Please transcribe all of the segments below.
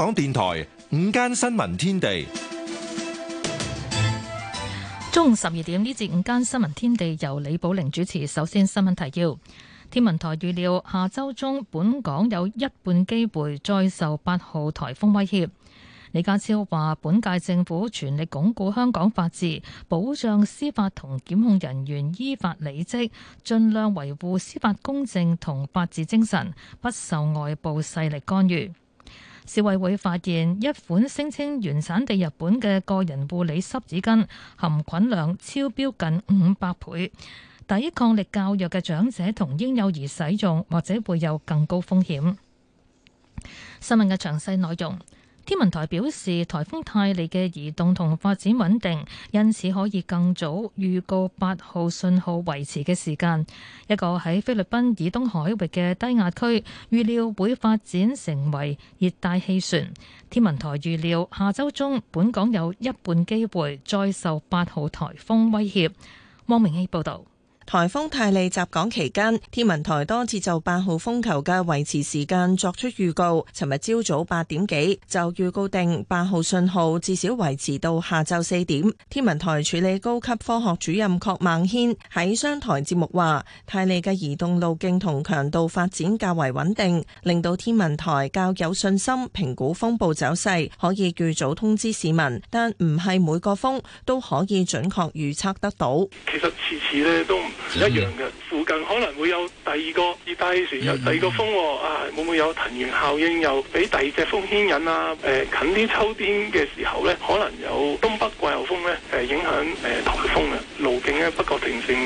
香港電台午間新聞天地中午十二點呢節午間新聞天地由李寶玲主持。首先新聞提要：天文台預料下周中本港有一半機會再受八號台風威脅。李家超話本屆政府全力鞏固香港法治，保障司法同檢控人員依法履職，盡量維護司法公正同法治精神，不受外部勢力干預。消委會發現一款聲稱原產地日本嘅個人護理濕紙巾含菌量超標近五百倍，抵抗力較弱嘅長者同嬰幼兒使用或者會有更高風險。新聞嘅詳細內容。天文台表示，颱風泰利嘅移動同發展穩定，因此可以更早預告八號信號維持嘅時間。一個喺菲律賓以東海域嘅低壓區預料會發展成為熱帶氣旋。天文台預料下周中本港有一半機會再受八號颱風威脅，汪明熙報道。台風泰利襲港期間，天文台多次就八號風球嘅維持時間作出預告。尋日朝早八點幾就預告定八號信號至少維持到下晝四點。天文台處理高級科學主任鄺孟軒喺商台節目話，泰利嘅移動路徑同強度發展較為穩定，令到天文台較有信心評估風暴走勢，可以預早通知市民。但唔係每個風都可以準確預測得到。其實次次咧都一樣嘅，附近可能會有第二個熱帶氣旋，有、嗯嗯嗯、第二個風喎，啊，會唔會有藤原效應又俾第二隻風牽引啊？誒、呃，近啲秋天嘅時候呢，可能有東北季候風呢誒影響誒颱、呃、風嘅路徑呢不確定性誒，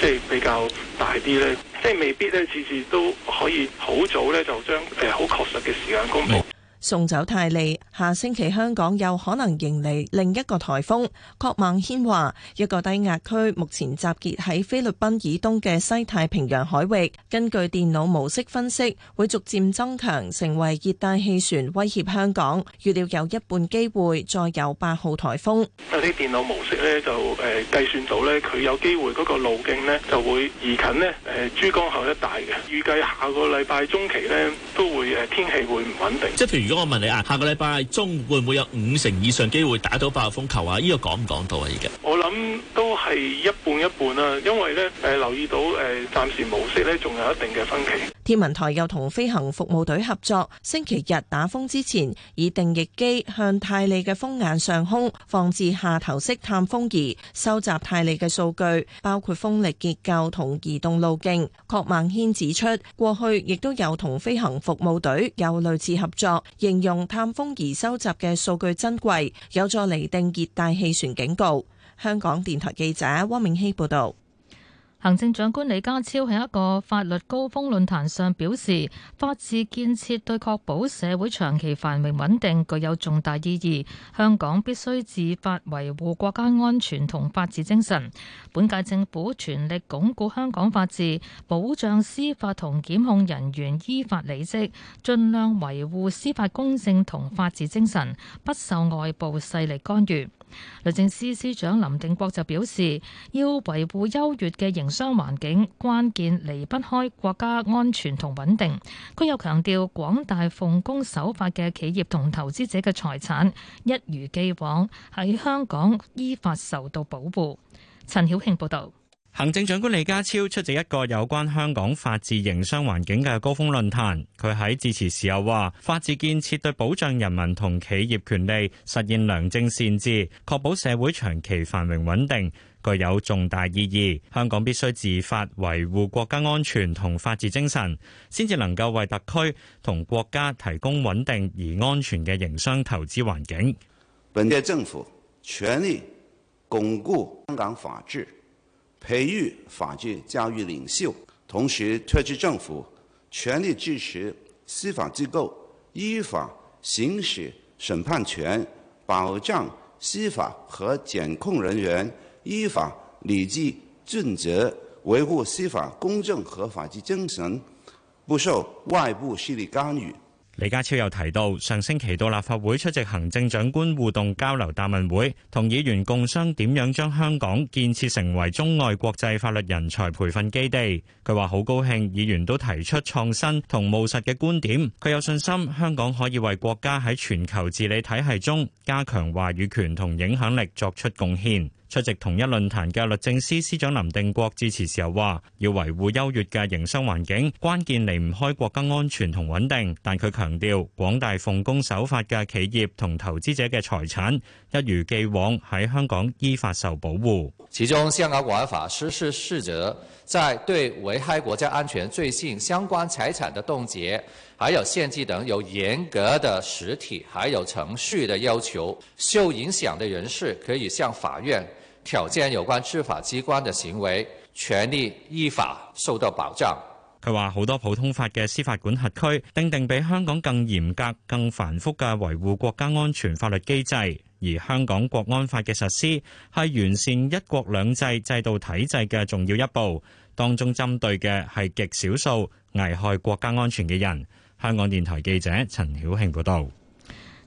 即係比較大啲呢。即係未必呢次次都可以好早呢就將誒好確實嘅時間公佈。嗯送走泰利，下星期香港有可能迎嚟另一個颱風，郭孟軒話，一個低壓區目前集結喺菲律賓以東嘅西太平洋海域，根據電腦模式分析，會逐漸增強成為熱帶氣旋威脅香港，預料有一半機會再有八號颱風。如果我問你啊，下個禮拜中會唔會有五成以上機會打到八號風球啊？呢個講唔講到啊？而家我諗都係一半一半啦，因為咧誒、呃、留意到誒、呃，暫時模式咧仲有一定嘅分歧。天文台又同飛行服務隊合作，星期日打風之前，以定翼機向泰利嘅風眼上空放置下頭式探風儀，收集泰利嘅數據，包括風力結構同移動路徑。郭孟軒指出，過去亦都有同飛行服務隊有類似合作。形容探風而收集嘅數據珍貴，有助釐定熱帶氣旋警告。香港電台記者汪明熙報道。行政長官李家超喺一個法律高峰論壇上表示，法治建設對確保社會長期繁榮穩定具有重大意義。香港必須自發維護國家安全同法治精神。本屆政府全力鞏固香港法治，保障司法同檢控人員依法履職，盡量維護司法公正同法治精神，不受外部勢力干預。律政司司長林定國就表示，要維護優越嘅營商環境，關鍵離不開國家安全同穩定。佢又強調，廣大奉公守法嘅企業同投資者嘅財產，一如既往喺香港依法受到保護。陳曉慶報道。行政長官李家超出席一個有關香港法治營商環境嘅高峰論壇。佢喺致辭時候話，法治建設對保障人民同企業權利、實現良政善治、確保社會長期繁榮穩定，具有重大意義。香港必須自發維護國家安全同法治精神，先至能夠為特區同國家提供穩定而安全嘅營商投資環境。本地政府全力鞏固香港法治，培育法治教育領袖，同時特區政府全力支持司法機構依法行使審判權，保障司法和檢控人員依法、履職、盡責，維護司法公正和法治精神，不受外部勢力干預。李家超又提到，上星期到立法會出席行政長官互動交流答問會，同議員共商點樣將香港建設成為中外國際法律人才培訓基地。佢話好高興，議員都提出創新同務實嘅觀點。佢有信心，香港可以為國家喺全球治理體系中加強話語權同影響力作出貢獻。出席同一論壇嘅律政司司長林定國致辭時候話，要維護優越嘅營商環境，關鍵離唔開國家安全同穩定。但佢強調，廣大奉公守法嘅企業同投資者嘅財產，一如既往喺香港依法受保護。其中香港國安法實施細則在對危害國家安全罪行相關財產的凍結，還有限制等有嚴格的實體還有程序的要求。受影響的人士可以向法院，挑戰有關執法機關的行為，權利依法受到保障。佢話好多普通法嘅司法管轄區，定定比香港更嚴格、更繁複嘅維護國家安全法律機制。而香港國安法嘅實施，係完善一國兩制制度體制嘅重要一步。當中針對嘅係極少數危害國家安全嘅人。香港電台記者陳曉慶報道。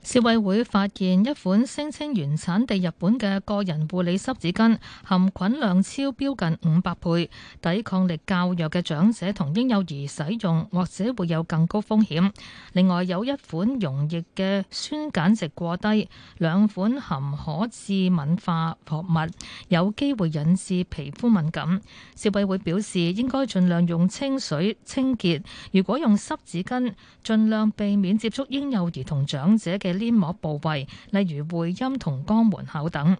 消委會發現一款聲稱原產地日本嘅個人護理濕紙巾含菌量超標近五百倍，抵抗力較弱嘅長者同嬰幼兒使用或者會有更高風險。另外有一款溶液嘅酸鹼值過低，兩款含可致敏化學物，有機會引致皮膚敏感。消委會表示應該盡量用清水清潔，如果用濕紙巾，盡量避免接觸嬰幼兒同長者嘅黏膜部位，例如會陰同肛門口等。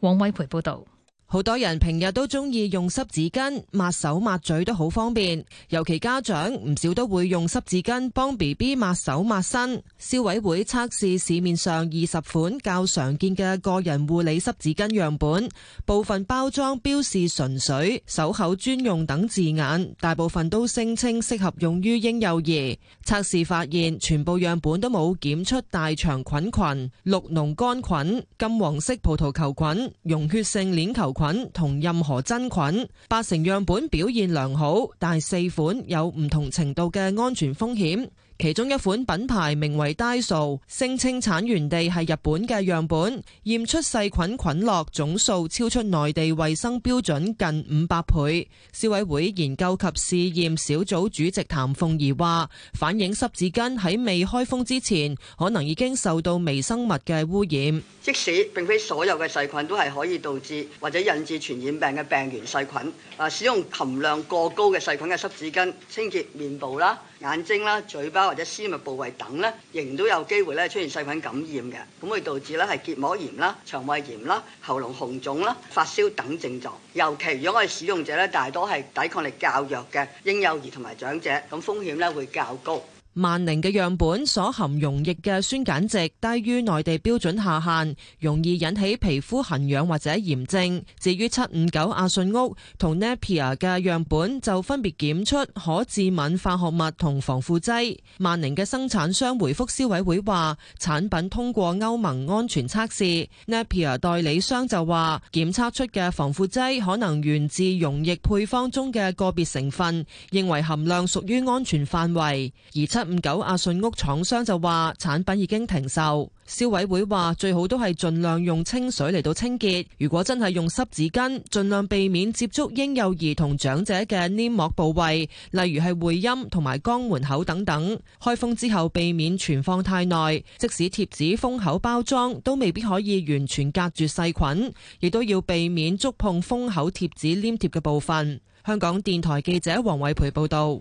黃偉培報導。好多人平日都中意用濕紙巾抹手抹嘴都好方便，尤其家長唔少都會用濕紙巾幫 BB 抹手抹身。消委會測試市面上二十款較常見嘅個人護理濕紙巾樣本，部分包裝標示純水、手口專用等字眼，大部分都聲稱適合用於嬰幼兒。測試發現，全部樣本都冇檢出大腸菌群、綠膿桿菌、金黃色葡萄球菌、溶血性鏈球菌。菌同任何真菌，八成樣本表現良好，但係四款有唔同程度嘅安全風險。其中一款品牌名為 Daiso，聲稱產源地係日本嘅樣本，驗出細菌菌落總數超出內地衛生標準近五百倍。消委會研究及試驗小組主席譚鳳儀話，反映濕紙巾喺未開封之前，可能已經受到微生物嘅污染。即使並非所有嘅細菌都係可以導致或者引致傳染病嘅病原細菌，啊，使用含量過高嘅細菌嘅濕紙巾清潔面部啦、眼睛啦、嘴巴或者私密部位等呢，仍然都有機會出現細菌感染嘅，咁會導致呢係結膜炎啦、腸胃炎啦、喉嚨紅腫啦、發燒等症狀。尤其如果我哋使用者呢，大多係抵抗力較弱嘅嬰幼兒同埋長者，咁風險呢會較高。萬寧嘅樣本所含溶液嘅酸鹼值低於內地標準下限，容易引起皮膚痕癢或者炎症。至於七五九阿信屋同 Nepia 嘅樣本就分別檢出可致敏化學物同防腐劑。萬寧嘅生產商回覆消委會話，產品通過歐盟安全測試。Nepia 代理商就話，檢測出嘅防腐劑可能源自溶液配方中嘅個別成分，認為含量屬於安全範圍，而七五九阿信屋廠商就話產品已經停售。消委會話最好都係盡量用清水嚟到清潔，如果真係用濕紙巾，盡量避免接觸嬰幼兒同長者嘅黏膜部位，例如係會陰同埋肛門口等等。開封之後避免存放太耐，即使貼紙封口包裝都未必可以完全隔住細菌，亦都要避免觸碰封口貼紙黏貼嘅部分。香港電台記者黃偉培報道。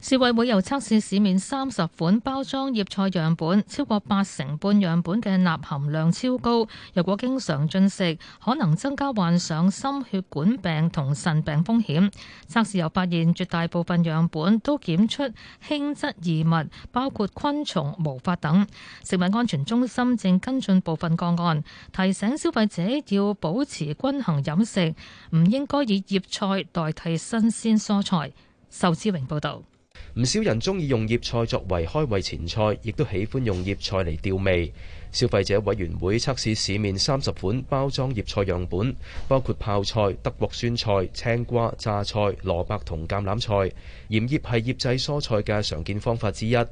消委會又測試市面三十款包裝醃菜樣本，超過八成半樣本嘅鈉含量超高。若果經常進食，可能增加患上心血管病同腎病風險。測試又發現絕大部分樣本都檢出輕質異物，包括昆蟲、毛髮等。食物安全中心正跟進部分個案，提醒消費者要保持均衡飲食，唔應該以醃菜代替新鮮蔬菜。仇志榮報導。唔少人中意用醃菜作為開胃前菜，亦都喜歡用醃菜嚟調味。消費者委員會測試市面三十款包裝醃菜樣本，包括泡菜、德國酸菜、青瓜、榨菜、蘿蔔同橄欖菜。鹽醃係醃製蔬菜嘅常見方法之一。測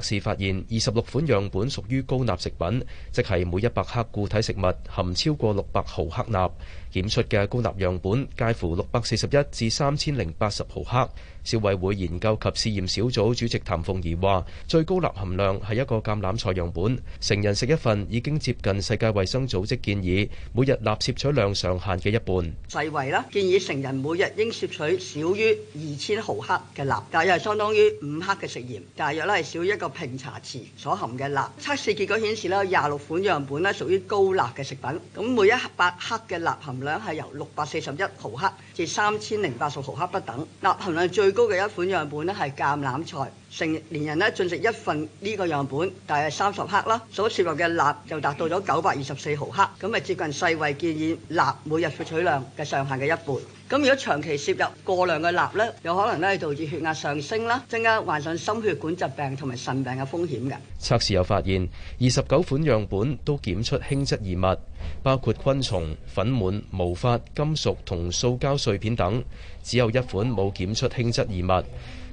試發現，二十六款樣本屬於高鈉食品，即係每一百克固體食物含超過六百毫克鈉。檢出嘅高鈉樣本介乎六百四十一至三千零八十毫克。消委會研究及試驗小組主席譚鳳儀話：最高鈉含量係一個橄欖菜樣本，成人食一份已經接近世界衛生組織建議每日鈉攝取量上限嘅一半。世衛啦，建議成人每日應攝取少於二千毫克嘅鈉，大約係相當於五克嘅食鹽，大約咧係少於一個平茶匙所含嘅鈉。測試結果顯示咧，廿六款樣本咧屬於高鈉嘅食品，咁每一百克嘅鈉含量係由六百四十一毫克至三千零八十毫克不等，鈉含量最。高嘅一款樣本咧係橄欖菜，成年人咧進食一份呢個樣本，大約三十克啦，所攝入嘅鈉就達到咗九百二十四毫克，咁接近世衛建議鈉每日攝取量嘅上限嘅一半。咁如果長期攝入過量嘅鈉呢，有可能呢係導致血壓上升啦，增加患上心血管疾病同埋腎病嘅風險嘅。測試又發現，二十九款樣本都檢出輕質異物，包括昆蟲、粉蟎、毛髮、金屬同塑膠碎片等，只有一款冇檢出輕質異物。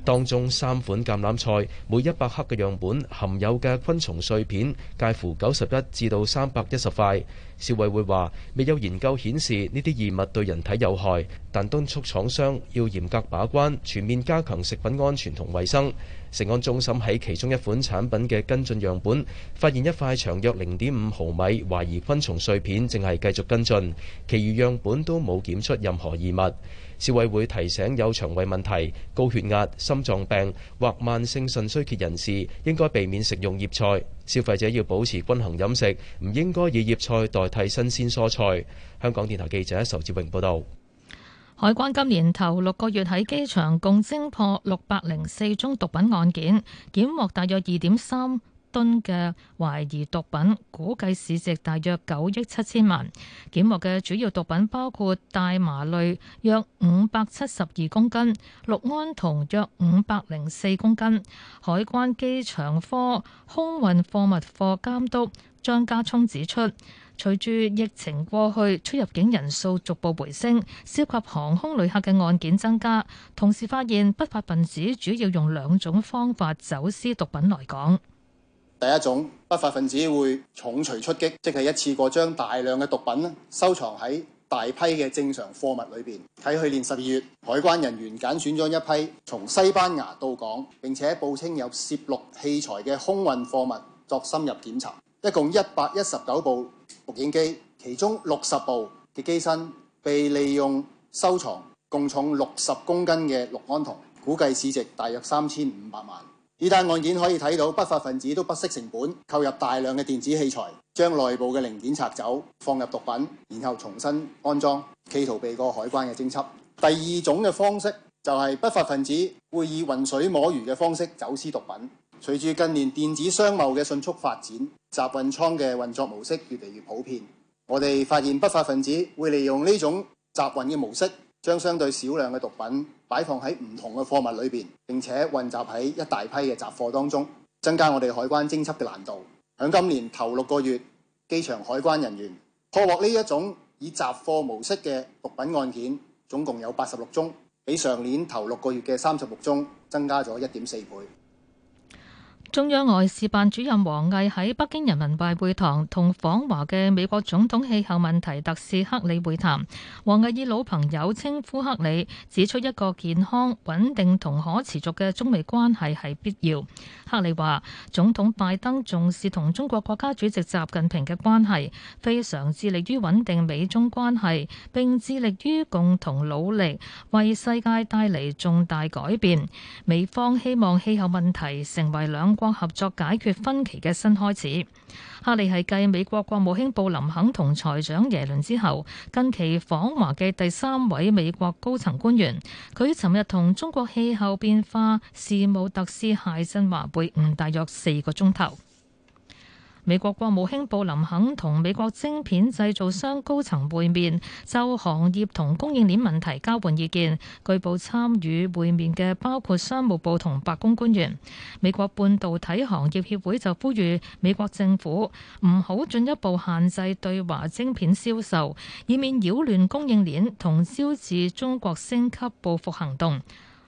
當中三款橄欖菜每100克嘅樣本含有嘅昆蟲碎片，介乎91至310塊。消委會話未有研究顯示呢啲異物對人體有害，但敦促廠商要嚴格把關，全面加強食品安全同衞生。食安中心喺其中一款產品嘅跟進樣本發現一塊長約0點5毫米懷疑昆蟲碎片，正係繼續跟進，其餘樣本都冇檢出任何異物。消委會提醒有腸胃問題、高血壓、心臟病或慢性腎衰竭人士應該避免食用葉菜。消費者要保持均衡飲食，唔應該以葉菜代替新鮮蔬菜。香港電台記者仇志榮報道，海關今年頭六個月喺機場共偵破六百零四宗毒品案件，檢獲大約二點三。噸嘅懷疑毒品，估計市值大約九億七千萬。檢獲嘅主要毒品包括大麻類約五百七十二公斤、氯胺酮約五百零四公斤。海關機場科空運貨物貨監督張家聰指出，隨住疫情過去，出入境人數逐步回升，涉及航空旅客嘅案件增加，同時發現不法分子主要用兩種方法走私毒品來港。第一種不法分子會重錘出擊，即係一次過將大量嘅毒品收藏喺大批嘅正常貨物裏面。喺去年十二月，海關人員揀選咗一批從西班牙到港並且報稱有攝錄器材嘅空運貨物作深入檢查，一共一百一十九部錄影機，其中六十部嘅機身被利用收藏，共重六十公斤嘅氯胺酮，估計市值大約三千五百萬。呢單案件可以睇到，不法分子都不惜成本購入大量嘅電子器材，將內部嘅零件拆走，放入毒品，然後重新安裝，企圖避過海關嘅偵緝。第二種嘅方式就係、是、不法分子會以渾水摸魚嘅方式走私毒品。隨住近年電子商貿嘅迅速發展，集運倉嘅運作模式越嚟越普遍。我哋發現不法分子會利用呢種集運嘅模式。將相對少量嘅毒品擺放喺唔同嘅貨物裏面，並且混雜喺一大批嘅雜貨當中，增加我哋海關偵測嘅難度。響今年頭六個月，機場海關人員破獲呢一種以雜貨模式嘅毒品案件總共有八十六宗，比上年頭六個月嘅三十六宗增加咗一點四倍。中央外事辦主任王毅喺北京人民大會堂同訪華嘅美國總統氣候問題特使克里會談。王毅以老朋友稱呼克里，指出一個健康、穩定同可持續嘅中美關係係必要。克里話總統拜登重視同中國國家主席習近平嘅關係，非常致力於穩定美中關係，並致力於共同努力為世界帶嚟重大改變，美方希望氣候問題成為兩。合作解決分歧嘅新開始。哈利係繼美國國務卿布林肯同財長耶倫之後，近期訪華嘅第三位美國高層官員，佢尋日同中國氣候變化事務特使解振華會晤，大約四個鐘頭。美國國務卿布林肯同美國晶片製造商高層會面，就行業同供應鏈問題交換意見。據報參與會面嘅包括商務部同白宮官員。美國半導體行業協會就呼籲美國政府唔好進一步限制對華晶片銷售，以免擾亂供應鏈同招致中國升級報復行動。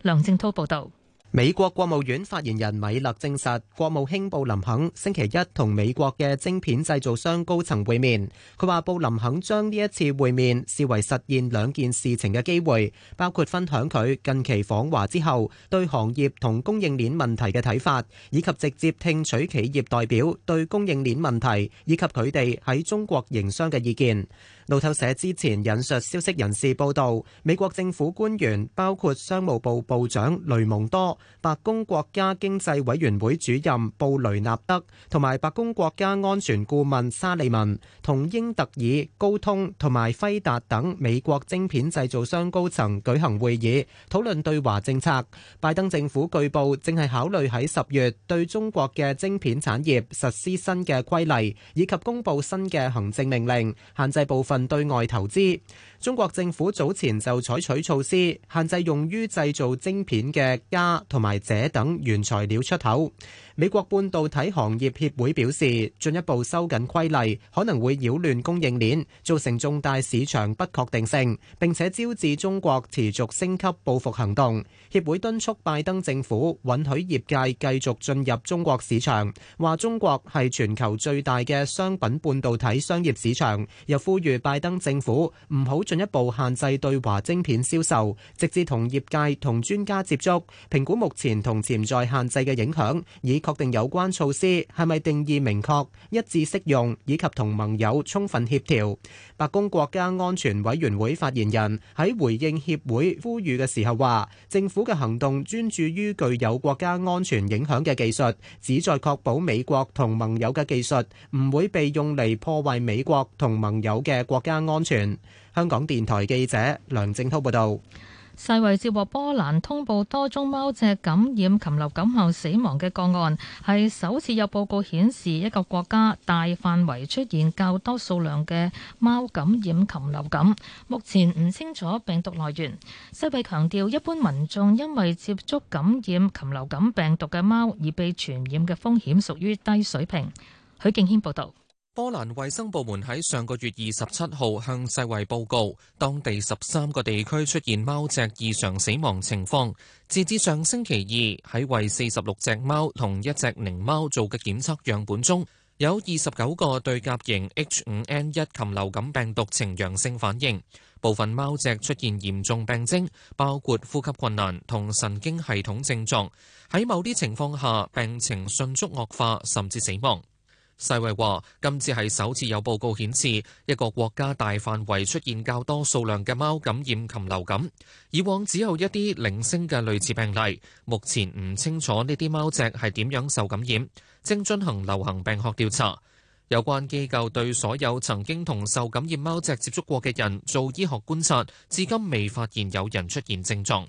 梁正滔報導。美國國務院發言人米勒證實，國務卿布林肯星期一同美國嘅晶片製造商高層會面。佢話布林肯將呢一次會面視為實現兩件事情嘅機會，包括分享佢近期訪華之後對行業同供應鏈問題嘅睇法，以及直接聽取企業代表對供應鏈問題以及佢哋喺中國營商嘅意見。路透社之前引述消息人士報道，美國政府官員包括商務部部長雷蒙多、白宮國家經濟委員會主任布雷納德同埋白宮國家安全顧問沙利文，同英特爾、高通同埋輝達等美國晶片製造商高層舉行會議，討論對華政策。拜登政府據報正係考慮喺十月對中國嘅晶片產業實施新嘅規例，以及公布新嘅行政命令，限制部分問對外投資。中國政府早前就採取措施，限制用於製造晶片嘅鎵同埋鍺等原材料出口。美國半導體行業協會表示，進一步收緊規例，可能會擾亂供應鏈，造成重大市場不確定性，並且招致中國持續升級報復行動。協會敦促拜登政府允許業界繼續進入中國市場，話中國係全球最大嘅商品半導體商業市場，又呼籲拜登政府唔好進一步限制對華晶片銷售，直至同業界同專家接觸，評估目前同潛在限制嘅影響，以確定有關措施係咪定義明確、一致適用，以及同盟友充分協調。白宮國家安全委員會發言人喺回應協會呼籲嘅時候話，政府嘅行動專注於具有國家安全影響嘅技術，旨在確保美國同盟友嘅技術唔會被用嚟破壞美國同盟友嘅國家安全。香港電台記者梁正濤報道，世衛接獲波蘭通報多宗貓隻感染禽流感後死亡嘅個案，係首次有報告顯示一個國家大範圍出現較多數量嘅貓感染禽流感。目前唔清楚病毒來源。世衛強調，一般民眾因為接觸感染禽流感病毒嘅貓而被傳染嘅風險屬於低水平。許敬軒報道。波蘭衛生部門喺上個月二十七號向世衛報告，當地十三個地區出現貓隻異常死亡情況。截至上星期二，喺為四十六隻貓同一隻獰貓做嘅檢測樣本中，有二十九個對甲型 H5N1 禽流感病毒呈陽性反應。部分貓隻出現嚴重病徵，包括呼吸困難同神經系統症狀，喺某啲情況下，病情迅速惡化，甚至死亡。世衛話，今次係首次有報告顯示一個國家大範圍出現較多數量嘅貓感染禽流感。以往只有一啲零星嘅類似病例，目前唔清楚呢啲貓隻係點樣受感染，正進行流行病學調查。有關機構對所有曾經同受感染貓隻接觸過嘅人做醫學觀察，至今未發現有人出現症狀。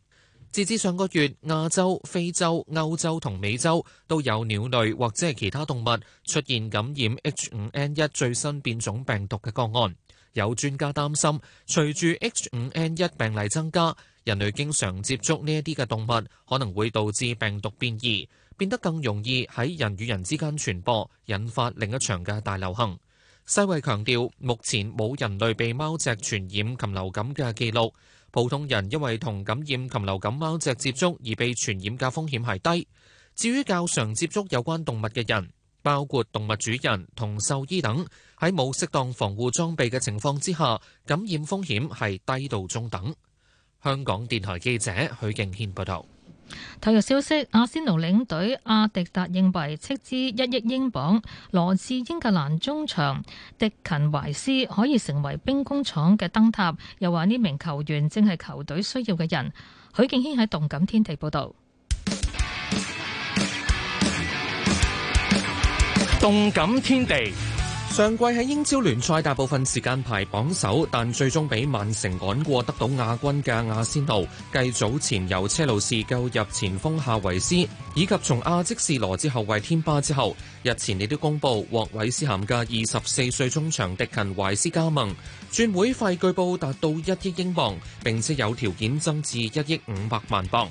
截至上個月，亞洲、非洲、歐洲同美洲都有鳥類或者係其他動物出現感染 H 五 N 一最新變種病毒嘅個案。有專家擔心，隨住 H 五 N 一病例增加，人類經常接觸呢一啲嘅動物，可能會導致病毒變異，變得更容易喺人與人之間傳播，引發另一場嘅大流行。世衞強調，目前冇人類被貓隻傳染禽流感嘅記錄。普通人因為同感染禽流感貓隻接觸而被傳染嘅風險係低，至於較常接觸有關動物嘅人，包括動物主人同獸醫等，喺冇適當防護裝備嘅情況之下，感染風險係低到中等。香港電台記者許敬軒報道。體育消息：阿仙奴領隊阿迪達認為斥資一億英鎊羅致英格蘭中場迪勤懷斯可以成為兵工廠嘅燈塔，又話呢名球員正係球隊需要嘅人。許敬軒喺動感天地報道。動感天地。報導動感天地上季喺英超聯賽大部分時間排榜首，但最終俾曼城趕過，得到亞軍嘅阿仙奴繼早前由車路士救入前鋒夏維斯，以及從阿積士羅致後衛天巴之後，日前亦都公布獲韋斯咸嘅二十四歲中場迪勤懷斯加盟，轉會費據報達到一億英鎊，並且有條件增至一億五百萬鎊。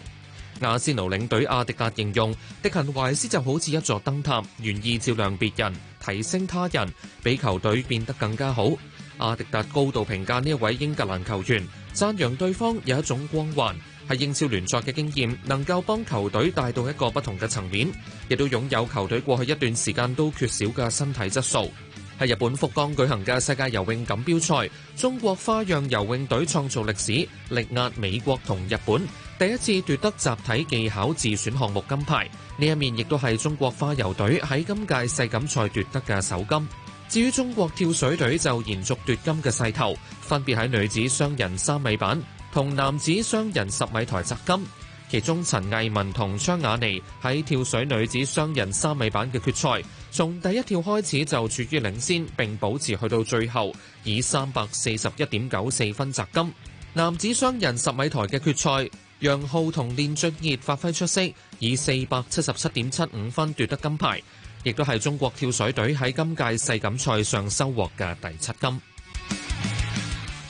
阿仙奴領隊阿迪達形容，迪勤懷斯就好似一座燈塔，願意照亮別人，提升他人，比球隊變得更加好。阿迪達高度評價呢一位英格蘭球員，讚揚對方有一種光環，係英超聯賽嘅經驗，能夠幫球隊帶到一個不同嘅層面，亦都擁有球隊過去一段時間都缺少嘅身體質素。喺日本福岡舉行嘅世界游泳錦標賽，中國花樣游泳隊創造歷史，力壓美國同日本。第一次奪得集體技巧自選項目金牌，呢一面亦都係中國花游隊喺今屆世錦賽奪得嘅首金。至於中國跳水隊就延續奪金嘅勢頭，分別喺女子雙人三米板同男子雙人十米台摘金。其中陳藝文同昌雅妮喺跳水女子雙人三米板嘅決賽，從第一跳開始就處於領先，並保持去到最後，以三百四十一點九四分摘金。男子雙人十米台嘅決賽，楊昊同練俊傑發揮出色，以四百七十七點七五分奪得金牌，亦都係中國跳水隊喺今屆世錦賽上收穫嘅第七金。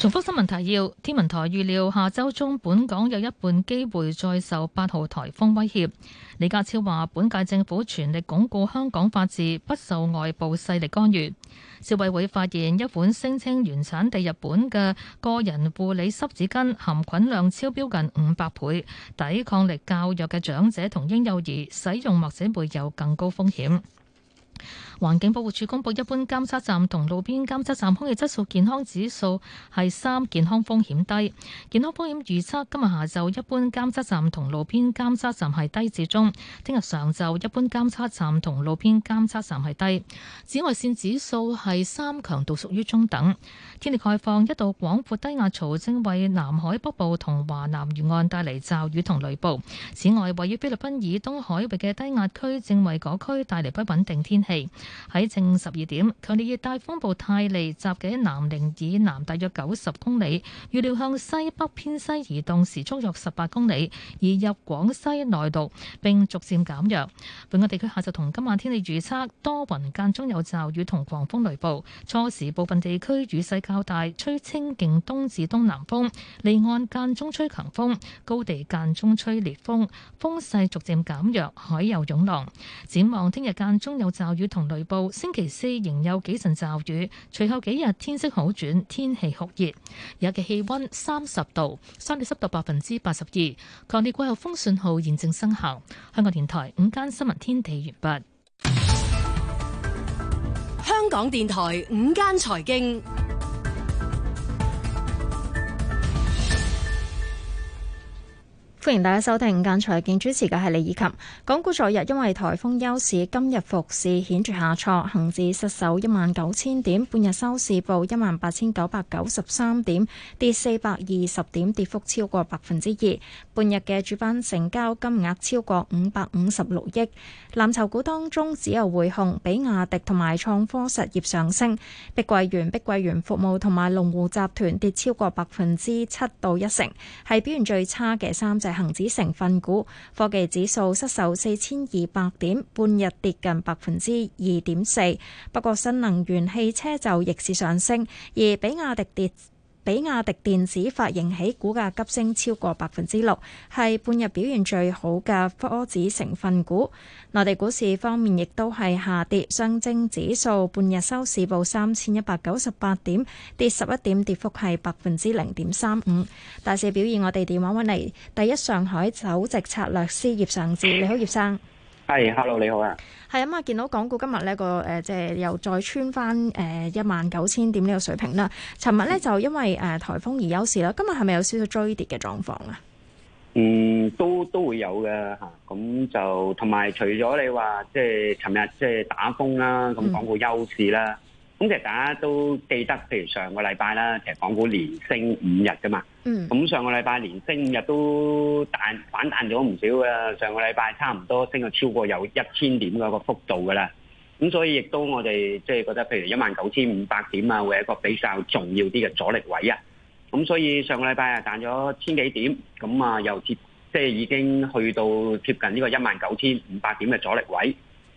重複新聞提要：天文台預料下周中，本港有一半機會再受八號台風威脅。李家超話，本屆政府全力鞏固香港法治，不受外部勢力干預。消委會發現，一款聲稱原產地日本嘅個人護理濕紙巾含菌量超標近五百倍，抵抗力較弱嘅長者同嬰幼兒使用或者會有更高風險。環境保護署公布一般監測站同路邊監測站空氣質素健康指數係三，健康風險低。健康風險預測今日下晝一般監測站同路邊監測站係低至中，聽日上晝一般監測站同路邊監測站係低。紫外線指數係三，強度屬於中等。天氣概況，一道廣闊低壓槽正為南海北部同華南沿岸帶嚟驟雨同雷暴。此外，位於菲律賓以東海域嘅低壓區正為嗰區帶嚟不穩定天氣。喺正十二點，強烈熱帶風暴泰利襲擊南寧以南大約九十公里，預料向西北偏西移動時速約十八公里，移入廣西內陸並逐漸減弱。本港地區下晝同今晚天氣預測多雲間中有驟雨同狂風雷暴，初時部分地區雨勢較大，吹清勁東至東南風，離岸間中吹強風，高地間中吹烈風，風勢逐漸減弱，海有湧浪。展望聽日間中有驟雨同雷雷暴，星期四仍有幾陣驟雨，隨後幾日天色好轉，天氣酷熱，有嘅氣溫三十度，相對濕度百分之八十二，強烈季候風信號現正生效。香港電台午間新聞天地完畢。香港電台午間財經。歡迎大家收聽，午間財經主持嘅係李以琴。港股昨日因為台風休市，今日復市顯著下挫，恒指失守一萬九千點，半日收市報一萬八千九百九十三點，跌四百二十點，跌幅超過百分之二。半日嘅主板成交金額超過五百五十六億。藍籌股當中只有匯控、比亞迪同埋創科實業上升，碧桂園、碧桂園服務同埋龍湖集團跌超過百分之七到一成，係表現最差嘅三隻。恒指成分股、科技指數失守四千二百點，半日跌近百分之二點四。不過，新能源汽車就逆市上升，而比亞迪跌。比亞迪電子發盈喜股價急升超過百分之六，係半日表現最好嘅科指成分股。內地股市方面亦都係下跌，上證指數半日收市報三千一百九十八點，跌十一點，跌幅係百分之零點三五。大市表現，我哋電話揾嚟，第一上海首席策略師葉尚志，你好，葉生，Hi，hello，你好啊。係啊嘛，見到港股今日呢個誒，即係又再穿翻誒一萬九千點呢個水平啦。尋日咧就因為誒台風而休市啦，今日係咪有少少追跌嘅狀況啊？嗯，都都會有嘅吓，咁就同埋除咗你話即係尋日即係打風啦，咁港股休市啦。咁其實大家都記得，譬如上個禮拜啦，其實港股連升五日噶嘛。咁、嗯、上個禮拜連升五日都彈反彈咗唔少嘅。上個禮拜差唔多升到超過有一千點嘅一個幅度㗎啦。咁所以亦都我哋即係覺得，譬如一萬九千五百點啊，會係一個比較重要啲嘅阻力位啊。咁所以上個禮拜啊，彈咗千幾點，咁啊又接即係、就是、已經去到接近呢個一萬九千五百點嘅阻力位。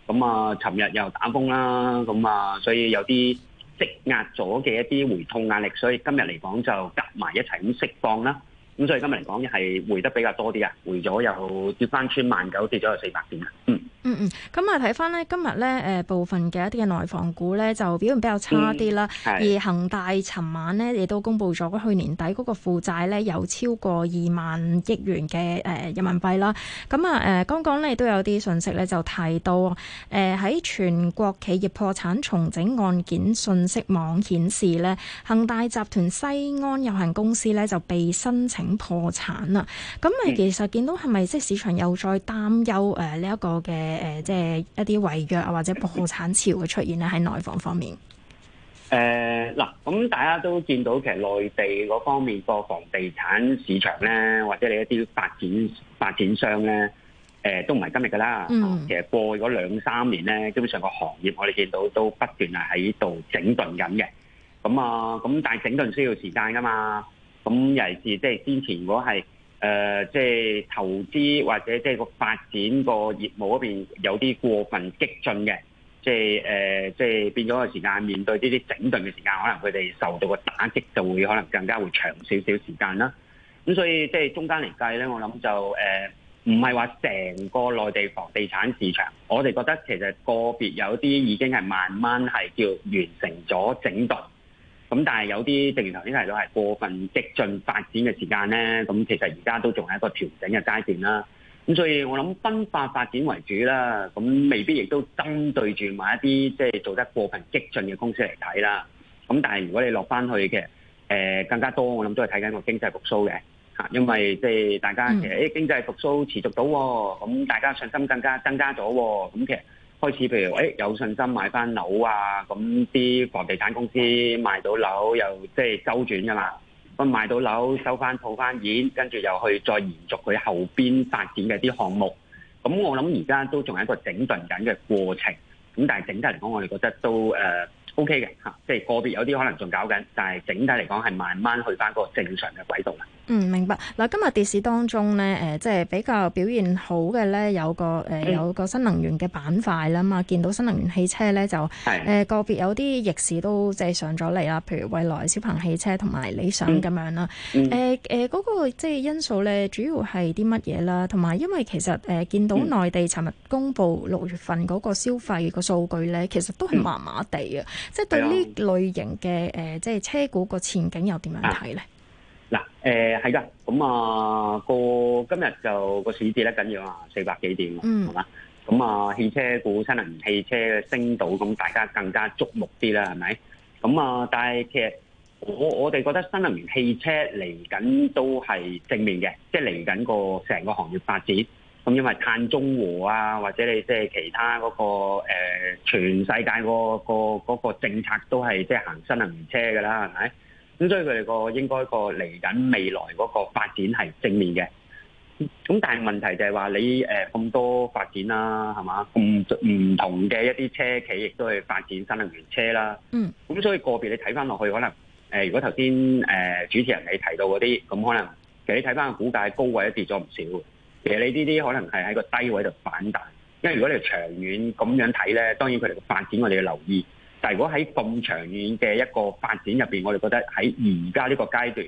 咁、嗯、啊，尋日又打風啦，咁、嗯、啊，所以有啲積壓咗嘅一啲回吐壓力，所以今日嚟講就夾埋一齊咁釋放啦。咁所以今日嚟講係回得比較多啲啊，回咗又跌翻穿萬九，跌咗有四百點啊，嗯。嗯嗯，咁啊，睇翻咧，今日咧，誒部分嘅一啲嘅內房股咧，就表現比較差啲啦。係、嗯。而恒大尋晚咧亦都公布咗去年底嗰個負債咧有超過二萬億元嘅人民幣啦。咁、嗯、啊，誒剛剛咧都有啲信息咧就提到誒喺全國企業破產重整案件信息網顯示咧，恒大集團西安有限公司咧就被申請破產啦。咁、嗯、你其實見到係咪即市場又再擔憂誒呢一個嘅？誒誒，即係一啲違約啊，或者破產潮嘅出現咧，喺內房方面。誒，嗱，咁大家都見到，其實內地嗰方面個房地產市場咧，或者你一啲發展發展商咧，誒，都唔係今日噶啦。嗯。其實過去嗰兩三年咧，基本上個行業我哋見到都不斷係喺度整頓緊嘅。咁啊，咁但係整頓需要時間噶嘛。咁尤其是即係之前，如果係。誒，即係投資或者即係個發展個業務嗰邊有啲過分激進嘅，即係誒，即係變咗個時間面對呢啲整頓嘅時間，可能佢哋受到個打擊就會可能更加會長少少時間啦。咁所以即係中間嚟計咧，我諗就誒，唔係話成個內地房地產市場，我哋覺得其實個別有啲已經係慢慢係叫完成咗整頓。咁但係有啲正如頭先提到係過分激進發展嘅時間咧，咁其實而家都仲係一個調整嘅階段啦。咁所以我諗分化發展為主啦，咁未必亦都針對住某一啲即係做得過分激進嘅公司嚟睇啦。咁但係如果你落翻去嘅，誒、呃、更加多我諗都係睇緊個經濟復甦嘅吓，因為即係大家其實經濟復甦持續到，咁大家信心更加增加咗喎，咁其實。開始，譬如誒、哎、有信心買翻樓啊，咁啲房地產公司賣到樓又，又即係週轉噶嘛。咁賣到樓收翻套翻現，跟住又去再延續佢後邊發展嘅啲項目。咁我諗而家都仲係一個整頓緊嘅過程。咁但係整體嚟講，我哋覺得都誒、uh, OK 嘅吓，即係個別有啲可能仲搞緊，但係整體嚟講係慢慢去翻個正常嘅軌道啦。嗯，明白。嗱，今日跌市當中咧，誒、呃，即係比較表現好嘅咧，有個誒、呃，有個新能源嘅板塊啦嘛，見到新能源汽車咧就誒、呃、個別有啲逆市都即係上咗嚟啦。譬如蔚來、小鵬汽車同埋理想咁、嗯、樣啦。誒、嗯、誒，嗰、呃呃嗰個即係因素咧，主要係啲乜嘢啦？同埋因為其實誒、呃、見到內地尋日公布六月份嗰個消費個數據咧，其實都係麻麻地啊。即係對呢類型嘅誒，即係車股個前景又點樣睇咧？嗱、嗯，誒係噶，咁、嗯、啊、那個今日就、那個市跌得緊要啊，四百幾點，係、嗯、嘛？咁、嗯、啊，汽車股新能源汽車的升到，咁大家更加矚目啲啦，係咪？咁、嗯、啊，但係其實我我哋覺得新能源汽車嚟緊都係正面嘅，即係嚟緊個成個行業發展。咁因為碳中和啊，或者你即係其他嗰、那個、呃、全世界的、那個個嗰、那個政策都係即係行新能源車噶啦，係咪？咁所以佢哋個應該個嚟緊未來嗰個發展係正面嘅，咁但係問題就係話你誒咁多發展啦，係嘛？咁唔同嘅一啲車企亦都係發展新能源車啦。嗯。咁所以個別你睇翻落去，可能誒如果頭先誒主持人你提到嗰啲，咁可能其實你睇翻個股價高位都跌咗唔少。其實你呢啲可能係喺個低位度反彈，因為如果你長遠咁樣睇咧，當然佢哋嘅發展我哋要留意。但如果喺咁長遠嘅一個發展入邊，我哋覺得喺而家呢個階段，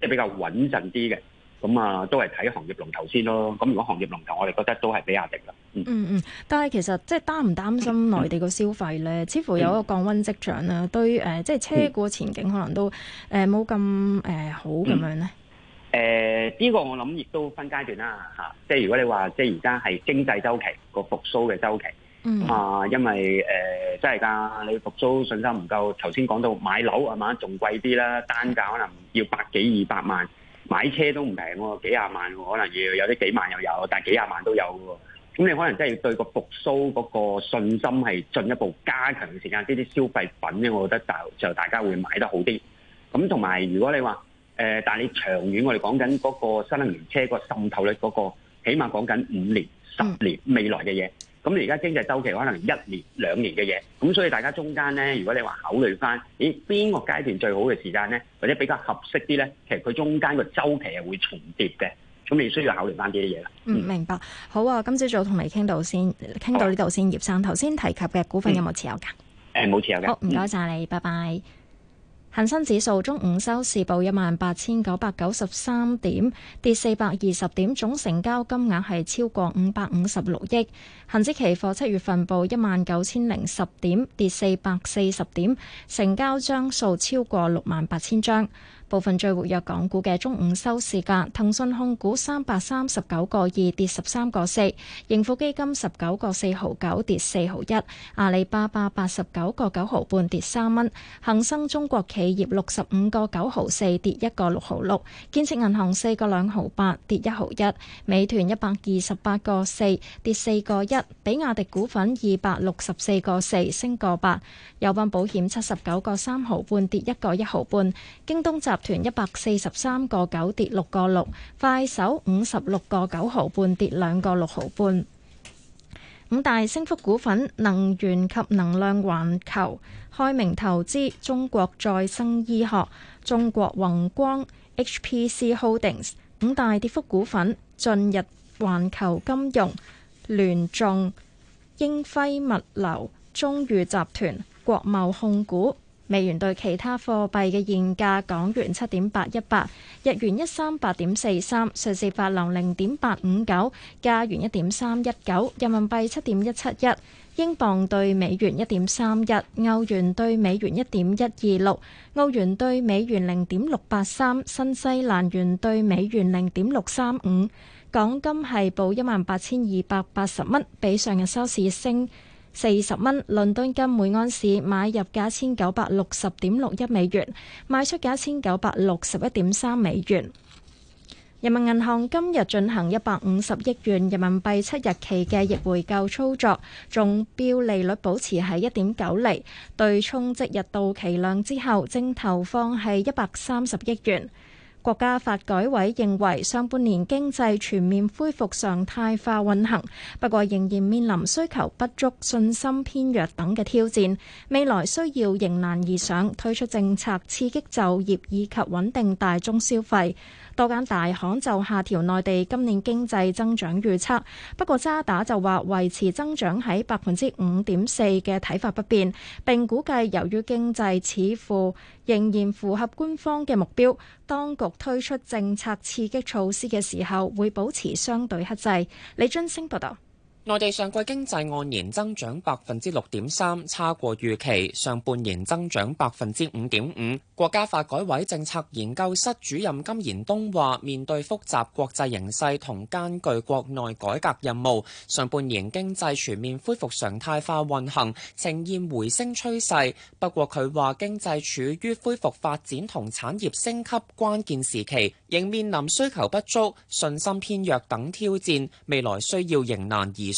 即係比較穩陣啲嘅，咁啊都係睇行業龍頭先咯。咁如果行業龍頭，我哋覺得都係比亞迪啦。嗯嗯嗯，但係其實即係擔唔擔心內地個消費咧、嗯，似乎有一個降溫跡象啦，對誒、呃，即係車股前景可能都誒冇咁誒好咁樣咧。誒、嗯，呢、呃呢個我諗亦都分階段啦嚇、啊。即係如果你話即係而家係經濟周期個復甦嘅周期。嗯、啊，因為誒、呃，真係㗎，你復甦信心唔夠。頭先講到買樓係嘛，仲貴啲啦，單價可能要百幾二百萬。買車都唔平喎，幾廿萬，可能要有啲幾萬又有，但係幾廿萬都有嘅。咁你可能真係要對個復甦嗰個信心係進一步加強嘅時間，呢啲消費品咧，我覺得就就大家會買得好啲。咁同埋如果你話誒、呃，但係你長遠我哋講緊嗰個新能源車個滲透率嗰、嗰個，起碼講緊五年、十年未來嘅嘢。嗯咁你而家經濟周期可能一年兩年嘅嘢，咁所以大家中間咧，如果你話考慮翻，咦邊個階段最好嘅時間咧，或者比較合適啲咧，其實佢中間個周期係會重疊嘅，咁你需要考慮翻啲嘢啦。嗯，明白。好啊，今朝早同你傾到先，傾到呢度先。啊、葉生頭先提及嘅股份有冇持有噶？誒、嗯，冇、嗯、持有嘅。好，唔該晒你、嗯，拜拜。恒生指數中午收市報一萬八千九百九十三點，跌四百二十點，總成交金額係超過五百五十六億。恒指期貨七月份報一萬九千零十點，跌四百四十點，成交張數超過六萬八千張。.部分最活躍港股嘅中午收市價，騰訊控股三百三十九個二跌十三個四，盈富基金十九個四毫九跌四毫一，阿里巴巴八十九個九毫半跌三蚊，恒生中國企業六十五個九毫四跌一個六毫六，建設銀行四個兩毫八跌一毫一，美團一百二十八個四跌四個一，比亞迪股份二百六十四個四升個八，友邦保險七十九個三毫半跌一個一毫半，京東集團一百四十三個九跌六個六，快手五十六個九毫半跌兩個六毫半。五大升幅股份：能源及能量環球、開明投資、中國再生醫學、中國宏光、HPC Holdings。五大跌幅股份：駿日環球金融、聯眾、英輝物流、中裕集團、國貿控股。美元兌其他貨幣嘅現價：港元七點八一八，日元一三八點四三，瑞士法郎零點八五九，加元一點三一九，人民幣七點一七一，英鎊對美元一點三一，歐元對美元一點一二六，澳元對美元零點六八三，新西蘭元對美元零點六三五。港金係報一萬八千二百八十蚊，比上日收市升四十蚊，倫敦金每安士買入價一千九百六十點六一美元，賣出價一千九百六十一點三美元。人民銀行今日進行一百五十億元人民幣七日期嘅逆回購操作，中標利率保持喺一點九厘。對沖即日到期量之後，正投放係一百三十億元。國家發改委認為，上半年經濟全面恢復常態化運行，不過仍然面臨需求不足、信心偏弱等嘅挑戰。未來需要迎難而上，推出政策刺激就業以及穩定大宗消費。多間大行就下調內地今年經濟增長預測，不過渣打就話維持增長喺百分之五點四嘅睇法不變，並估計由於經濟似乎仍然符合官方嘅目標，當局推出政策刺激措施嘅時候會保持相對克制。李津升報道。內地上季經濟按年增長百分之六點三，差過預期；上半年增長百分之五點五。國家發改委政策研究室主任金賢東話：面對複雜國際形勢同艱巨國內改革任務，上半年經濟全面恢復常態化運行，呈現回升趨勢。不過佢話經濟處於恢復發展同產業升級關鍵時期，仍面臨需求不足、信心偏弱等挑戰，未來需要迎難而。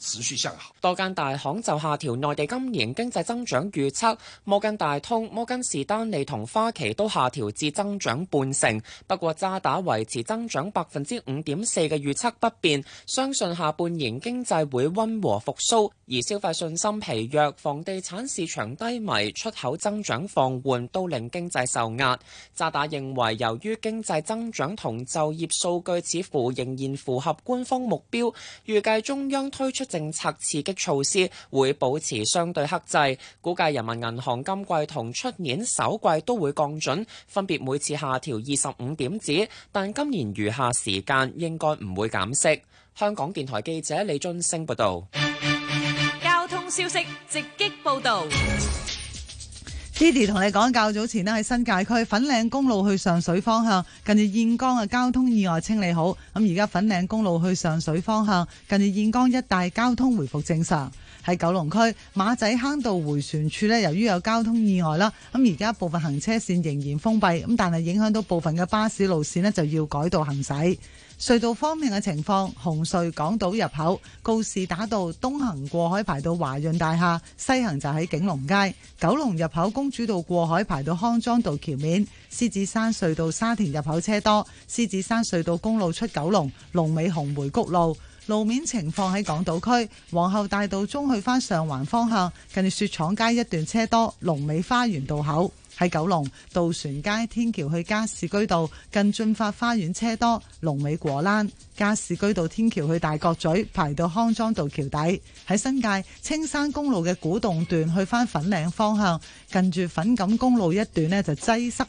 持續向好。多間大行就下調內地今年經濟增長預測，摩根大通、摩根士丹利同花旗都下調至增長半成。不過渣打維持增長百分之五點四嘅預測不變，相信下半年經濟會溫和復甦。而消費信心疲弱、房地產市場低迷、出口增長放緩都令經濟受壓。渣打認為，由於經濟增長同就業數據似乎仍然符合官方目標，預計中央推出。政策刺激措施會保持相對剋制，估計人民銀行今季同出年首季都會降準，分別每次下調二十五點子，但今年餘下時間應該唔會減息。香港電台記者李俊升報道。交通消息直擊報道。Terry 同你講，較早前呢喺新界區粉嶺公路去上水方向，近住燕崗嘅交通意外清理好，咁而家粉嶺公路去上水方向近住燕崗一帶交通回復正常。喺九龍區馬仔坑道回旋處呢，由於有交通意外啦，咁而家部分行車線仍然封閉，咁但係影響到部分嘅巴士路線呢就要改道行駛。隧道方面嘅情況，紅隧港島入口告士打道東行過海排到華潤大廈，西行就喺景隆街；九龍入口公主道過海排到康莊道橋面，獅子山隧道沙田入口車多，獅子山隧道公路出九龍龍尾紅梅谷路路面情況，喺港島區皇后大道中去翻上環方向，近住雪廠街一段車多，龍尾花園道口。喺九龍渡船街天橋去加士居道，近駿發花園車多；龍尾果欄，加士居道天橋去大角咀排到康莊道橋底。喺新界青山公路嘅古洞段去翻粉嶺方向，近住粉錦公路一段呢，就擠塞。